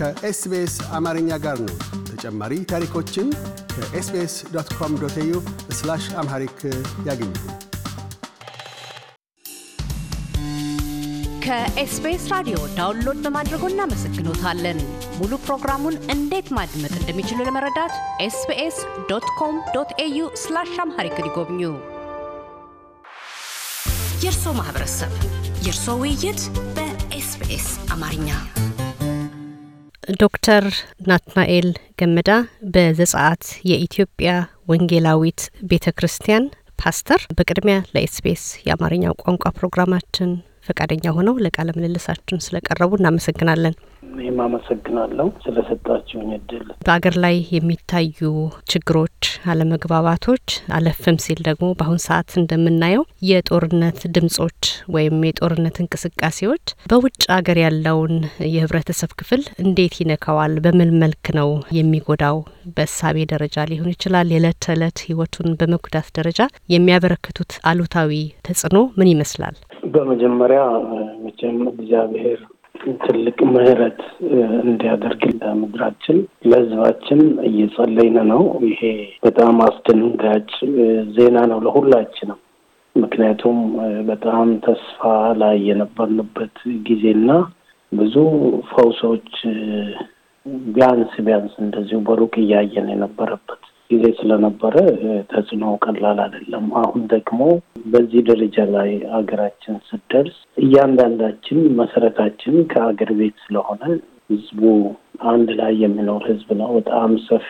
ከኤስቢኤስ አማርኛ ጋር ነው። ተጨማሪ ታሪኮችን ከኤስቢኤስ ዶት ኮም ዶት ዩ ስላሽ አምሃሪክ ያገኙ። ከኤስቢኤስ ራዲዮ ዳውንሎድ በማድረጎ እናመሰግኖታለን። ሙሉ ፕሮግራሙን እንዴት ማድመጥ እንደሚችሉ ለመረዳት ኤስቢኤስ ዶት ኮም ዶት ኤዩ ስላሽ አምሃሪክ ሊጎብኙ የእርሶ ማህበረሰብ የእርሶ ውይይት በኤስቢኤስ አማርኛ ዶክተር ናትናኤል ገመዳ በዘጸአት የኢትዮጵያ ወንጌላዊት ቤተ ክርስቲያን ፓስተር፣ በቅድሚያ ለኤስቢኤስ የአማርኛው ቋንቋ ፕሮግራማችን ፈቃደኛ ሆነው ለቃለ ምልልሳችን ስለቀረቡ እናመሰግናለን። ይህም አመሰግናለሁ ስለሰጣችሁኝ እድል። በአገር ላይ የሚታዩ ችግሮች፣ አለመግባባቶች አለፍም ሲል ደግሞ በአሁን ሰዓት እንደምናየው የጦርነት ድምጾች ወይም የጦርነት እንቅስቃሴዎች በውጭ ሀገር ያለውን የህብረተሰብ ክፍል እንዴት ይነካዋል? በምን መልክ ነው የሚጎዳው? በእሳቤ ደረጃ ሊሆን ይችላል። የዕለት ተዕለት ህይወቱን በመጉዳት ደረጃ የሚያበረክቱት አሉታዊ ተጽዕኖ ምን ይመስላል? በመጀመሪያ መቼም እግዚአብሔር ትልቅ ምሕረት እንዲያደርግ ለምድራችን ለሕዝባችን እየጸለይን ነው። ይሄ በጣም አስደንጋጭ ዜና ነው ለሁላችንም። ምክንያቱም በጣም ተስፋ ላይ የነበርንበት ጊዜና ብዙ ፈውሶች ቢያንስ ቢያንስ እንደዚሁ በሩቅ እያየን የነበረበት ጊዜ ስለነበረ ተጽዕኖ ቀላል አይደለም። አሁን ደግሞ በዚህ ደረጃ ላይ ሀገራችን ስደርስ እያንዳንዳችን መሰረታችን ከአገር ቤት ስለሆነ ህዝቡ አንድ ላይ የሚኖር ህዝብ ነው። በጣም ሰፊ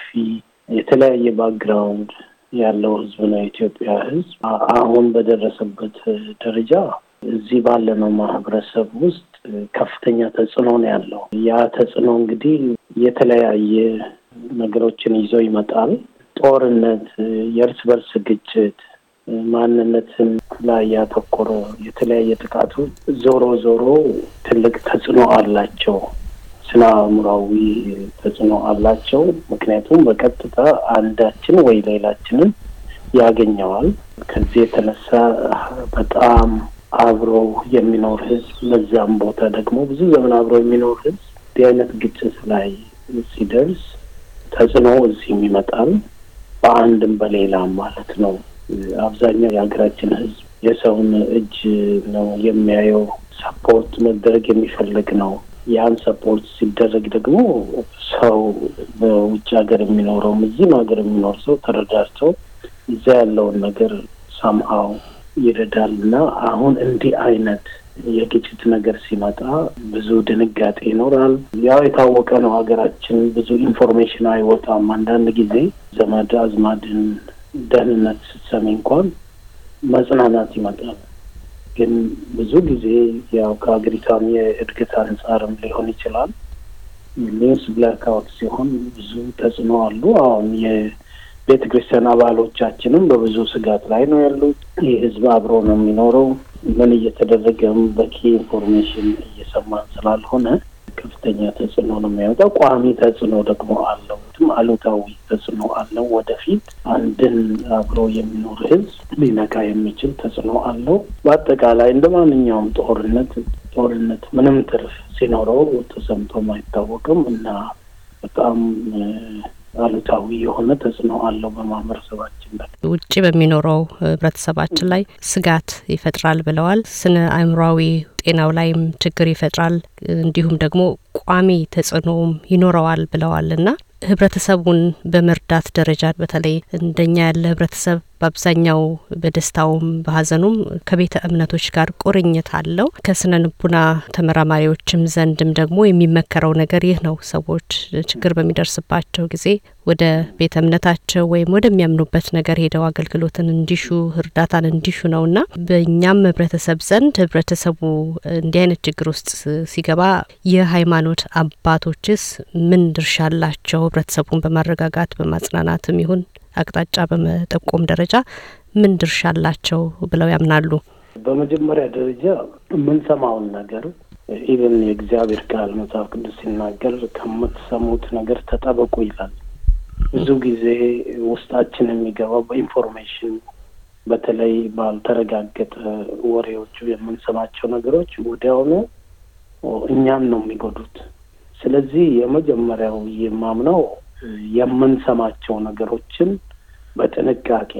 የተለያየ ባክግራውንድ ያለው ህዝብ ነው የኢትዮጵያ ህዝብ። አሁን በደረሰበት ደረጃ እዚህ ባለነው ማህበረሰብ ውስጥ ከፍተኛ ተጽዕኖ ነው ያለው። ያ ተጽዕኖ እንግዲህ የተለያየ ነገሮችን ይዞ ይመጣል። ጦርነት፣ የእርስ በርስ ግጭት፣ ማንነትን ላይ ያተኮረ የተለያየ ጥቃቶች ዞሮ ዞሮ ትልቅ ተጽዕኖ አላቸው። ስነ አእምሯዊ ተጽዕኖ አላቸው። ምክንያቱም በቀጥታ አንዳችን ወይ ሌላችንን ያገኘዋል። ከዚህ የተነሳ በጣም አብሮ የሚኖር ህዝብ በዛም ቦታ ደግሞ ብዙ ዘመን አብሮ የሚኖር ህዝብ እንዲህ አይነት ግጭት ላይ ሲደርስ ተጽዕኖ እዚህም ይመጣል። በአንድም በሌላም ማለት ነው። አብዛኛው የሀገራችን ህዝብ የሰውን እጅ ነው የሚያየው። ሰፖርት መደረግ የሚፈልግ ነው። ያን ሰፖርት ሲደረግ ደግሞ ሰው በውጭ ሀገር የሚኖረውም እዚህም ሀገር የሚኖር ሰው ተረዳርተው እዛ ያለውን ነገር ሳምሀው ይረዳል እና አሁን እንዲህ አይነት የግጭት ነገር ሲመጣ ብዙ ድንጋጤ ይኖራል። ያው የታወቀ ነው። ሀገራችን ብዙ ኢንፎርሜሽን አይወጣም። አንዳንድ ጊዜ ዘመድ አዝማድን ደህንነት ስትሰሚ እንኳን መጽናናት ይመጣል። ግን ብዙ ጊዜ ያው ከሀገሪቷም የእድገት አንጻርም ሊሆን ይችላል ኒውስ ብላክአውት ሲሆን ብዙ ተጽዕኖ አሉ። አሁን የቤተ ክርስቲያን አባሎቻችንም በብዙ ስጋት ላይ ነው ያሉት። ይህ ህዝብ አብሮ ነው የሚኖረው ምን እየተደረገም በቂ ኢንፎርሜሽን እየሰማን ስላልሆነ ከፍተኛ ተጽዕኖ ነው የሚያወጣው። ቋሚ ተጽዕኖ ደግሞ አለው፣ አሉታዊ ተጽዕኖ አለው። ወደፊት አንድን አብሮ የሚኖር ህዝብ ሊነካ የሚችል ተጽዕኖ አለው። በአጠቃላይ እንደ ማንኛውም ጦርነት ጦርነት ምንም ትርፍ ሲኖረው ተሰምቶም አይታወቅም እና በጣም አሉታዊ የሆነ ተጽዕኖ አለው በማህበረሰባችን ላይ ውጭ በሚኖረው ህብረተሰባችን ላይ ስጋት ይፈጥራል ብለዋል። ስነ አእምሯዊ ጤናው ላይም ችግር ይፈጥራል፣ እንዲሁም ደግሞ ቋሚ ተጽዕኖም ይኖረዋል ብለዋል እና ህብረተሰቡን በመርዳት ደረጃ በተለይ እንደኛ ያለ ህብረተሰብ በአብዛኛው በደስታውም በሀዘኑም ከቤተ እምነቶች ጋር ቁርኝት አለው። ከስነ ልቡና ተመራማሪዎችም ዘንድም ደግሞ የሚመከረው ነገር ይህ ነው። ሰዎች ችግር በሚደርስባቸው ጊዜ ወደ ቤተ እምነታቸው ወይም ወደሚያምኑበት ነገር ሄደው አገልግሎትን እንዲሹ እርዳታን እንዲሹ ነውና በእኛም ህብረተሰብ ዘንድ ህብረተሰቡ እንዲህ አይነት ችግር ውስጥ ሲገባ የሃይማኖት አባቶችስ ምን ድርሻ አላቸው? ህብረተሰቡን በማረጋጋት በማጽናናትም ይሁን አቅጣጫ በመጠቆም ደረጃ ምን ድርሻ አላቸው ብለው ያምናሉ? በመጀመሪያ ደረጃ የምንሰማውን ነገር ኢቨን የእግዚአብሔር ቃል መጽሐፍ ቅዱስ ሲናገር ከምትሰሙት ነገር ተጠበቁ ይላል። ብዙ ጊዜ ውስጣችን የሚገባው በኢንፎርሜሽን በተለይ ባልተረጋገጠ ወሬዎቹ የምንሰማቸው ነገሮች ወዲያውኑ እኛን ነው የሚጎዱት። ስለዚህ የመጀመሪያው የማምነው የምንሰማቸው ነገሮችን በጥንቃቄ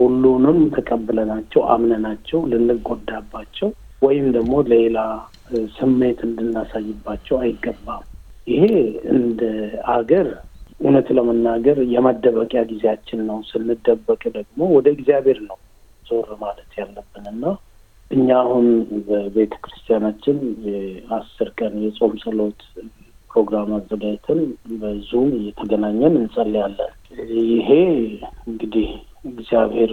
ሁሉንም ተቀብለናቸው አምነናቸው ልንጎዳባቸው ወይም ደግሞ ሌላ ስሜት እንድናሳይባቸው አይገባም። ይሄ እንደ አገር እውነት ለመናገር የመደበቂያ ጊዜያችን ነው። ስንደበቅ ደግሞ ወደ እግዚአብሔር ነው ዞር ማለት ያለብን እና እኛ አሁን በቤተ ክርስቲያናችን የአስር ቀን የጾም ጸሎት ፕሮግራም አዘጋጅተን በዙም እየተገናኘን እንጸልያለን። ይሄ እንግዲህ እግዚአብሔር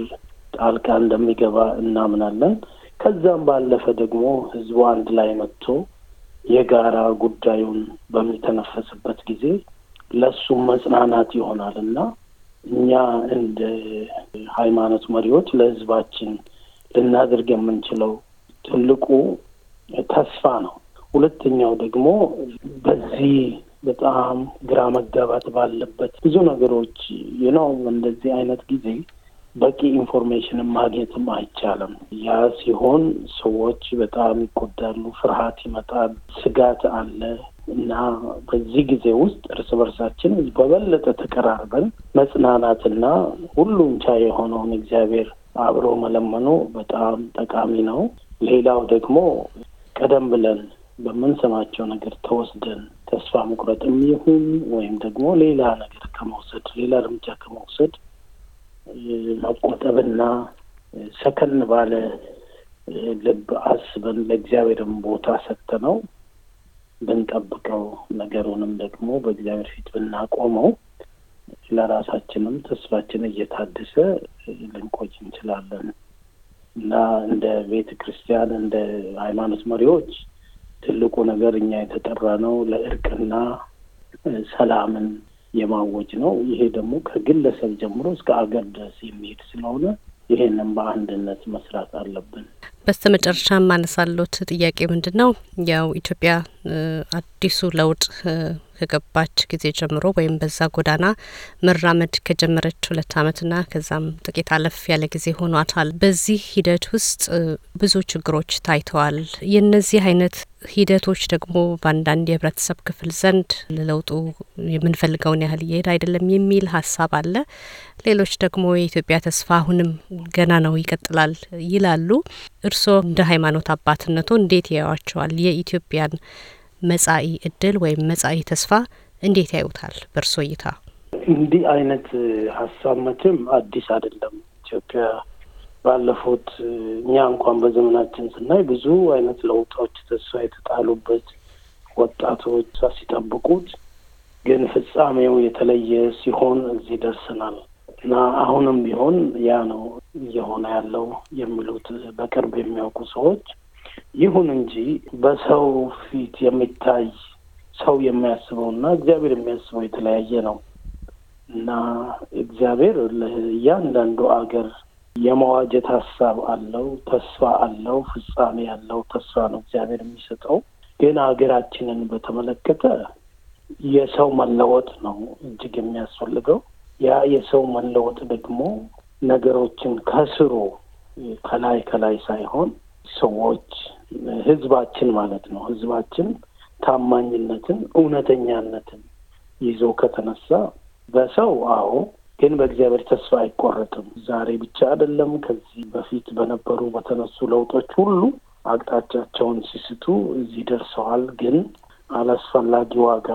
ጣልቃ እንደሚገባ እናምናለን። ከዛም ባለፈ ደግሞ ህዝቡ አንድ ላይ መጥቶ የጋራ ጉዳዩን በሚተነፈስበት ጊዜ ለእሱም መጽናናት ይሆናል እና እኛ እንደ ሃይማኖት መሪዎች ለህዝባችን ልናደርግ የምንችለው ትልቁ ተስፋ ነው። ሁለተኛው ደግሞ በዚህ በጣም ግራ መጋባት ባለበት ብዙ ነገሮች ነው። እንደዚህ አይነት ጊዜ በቂ ኢንፎርሜሽን ማግኘትም አይቻልም። ያ ሲሆን ሰዎች በጣም ይጎዳሉ፣ ፍርሃት ይመጣል፣ ስጋት አለ እና በዚህ ጊዜ ውስጥ እርስ በርሳችን በበለጠ ተቀራርበን መጽናናትና ሁሉም ቻ የሆነውን እግዚአብሔር አብሮ መለመኑ በጣም ጠቃሚ ነው። ሌላው ደግሞ ቀደም ብለን በምንሰማቸው ነገር ተወስደን ተስፋ መቁረጥም ይሁን ወይም ደግሞ ሌላ ነገር ከመውሰድ ሌላ እርምጃ ከመውሰድ መቆጠብና ሰከን ባለ ልብ አስበን ለእግዚአብሔርም ቦታ ሰተነው ብንጠብቀው ነገሩንም ደግሞ በእግዚአብሔር ፊት ብናቆመው ለራሳችንም ተስፋችን እየታደሰ ልንቆይ እንችላለን እና እንደ ቤተ ክርስቲያን እንደ ሃይማኖት መሪዎች ትልቁ ነገር እኛ የተጠራ ነው ለእርቅና ሰላምን የማወጅ ነው። ይሄ ደግሞ ከግለሰብ ጀምሮ እስከ አገር ድረስ የሚሄድ ስለሆነ ይሄንን በአንድነት መስራት አለብን። በስተ መጨረሻ ማነሳለት ጥያቄ ምንድን ነው ያው ኢትዮጵያ አዲሱ ለውጥ ከገባች ጊዜ ጀምሮ ወይም በዛ ጎዳና መራመድ ከጀመረች ሁለት ዓመትና ከዛም ጥቂት አለፍ ያለ ጊዜ ሆኗታል። በዚህ ሂደት ውስጥ ብዙ ችግሮች ታይተዋል። የእነዚህ አይነት ሂደቶች ደግሞ በአንዳንድ የህብረተሰብ ክፍል ዘንድ ለለውጡ የምንፈልገውን ያህል እየሄድ አይደለም የሚል ሀሳብ አለ። ሌሎች ደግሞ የኢትዮጵያ ተስፋ አሁንም ገና ነው ይቀጥላል ይላሉ። እርስዎ እንደ ሃይማኖት አባትነቱ እንዴት ያዩዋቸዋል የኢትዮጵያን መጻኢ እድል ወይም መጻኢ ተስፋ እንዴት ያዩታል በእርሶ እይታ? እንዲህ አይነት ሀሳብ መቼም አዲስ አይደለም። ኢትዮጵያ ባለፉት እኛ እንኳን በዘመናችን ስናይ ብዙ አይነት ለውጦች ተስፋ የተጣሉበት ወጣቶች ሲጠብቁት ግን ፍጻሜው የተለየ ሲሆን እዚህ ደርሰናል እና አሁንም ቢሆን ያ ነው እየሆነ ያለው የሚሉት በቅርብ የሚያውቁ ሰዎች ይሁን እንጂ በሰው ፊት የሚታይ ሰው የሚያስበው እና እግዚአብሔር የሚያስበው የተለያየ ነው እና እግዚአብሔር ለእያንዳንዱ አገር የመዋጀት ሀሳብ አለው፣ ተስፋ አለው፣ ፍጻሜ ያለው ተስፋ ነው እግዚአብሔር የሚሰጠው። ግን ሀገራችንን በተመለከተ የሰው መለወጥ ነው እጅግ የሚያስፈልገው። ያ የሰው መለወጥ ደግሞ ነገሮችን ከስሩ ከላይ ከላይ ሳይሆን ሰዎች ህዝባችን ማለት ነው ህዝባችን ታማኝነትን እውነተኛነትን ይዞ ከተነሳ በሰው አዎ ግን በእግዚአብሔር ተስፋ አይቆረጥም። ዛሬ ብቻ አይደለም። ከዚህ በፊት በነበሩ በተነሱ ለውጦች ሁሉ አቅጣጫቸውን ሲስቱ እዚህ ደርሰዋል። ግን አላስፈላጊ ዋጋ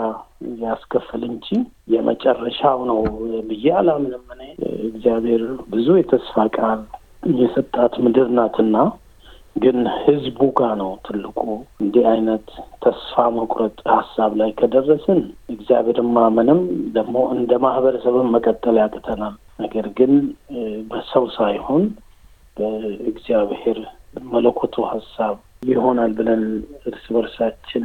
ያስከፍል እንጂ የመጨረሻው ነው ብዬ አላምንም። እኔ እግዚአብሔር ብዙ የተስፋ ቃል የሰጣት ምድር ናትና ግን ህዝቡ ጋር ነው ትልቁ። እንዲህ አይነት ተስፋ መቁረጥ ሀሳብ ላይ ከደረስን እግዚአብሔርን ማመንም ደግሞ እንደ ማህበረሰብን መቀጠል ያቅተናል። ነገር ግን በሰው ሳይሆን በእግዚአብሔር መለኮቱ ሀሳብ ይሆናል ብለን እርስ በርሳችን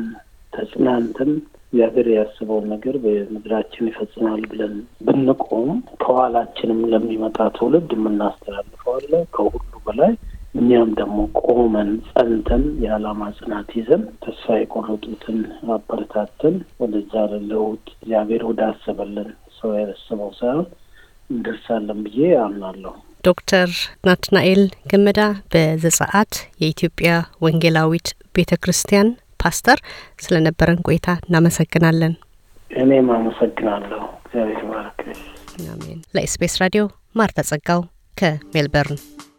ተጽናንተን እግዚአብሔር ያስበውን ነገር በምድራችን ይፈጽማል ብለን ብንቆም ከኋላችንም ለሚመጣ ትውልድ የምናስተላልፈዋለ ከሁሉ በላይ እኛም ደግሞ ቆመን ጸንተን የዓላማ ጽናት ይዘን ተስፋ የቆረጡትን አበረታተን ወደዛ ለለውጥ እግዚአብሔር ወደ አሰበልን ሰው ያለሰበው ሳይሆን እንደርሳለን ብዬ አምናለሁ። ዶክተር ናትናኤል ገመዳ በዘጸአት የኢትዮጵያ ወንጌላዊት ቤተ ክርስቲያን ፓስተር፣ ስለነበረን ቆይታ እናመሰግናለን። እኔም አመሰግናለሁ። እግዚአብሔር ባረክ። ለኤስቢኤስ ራዲዮ ማርታ ጸጋው ከሜልበርን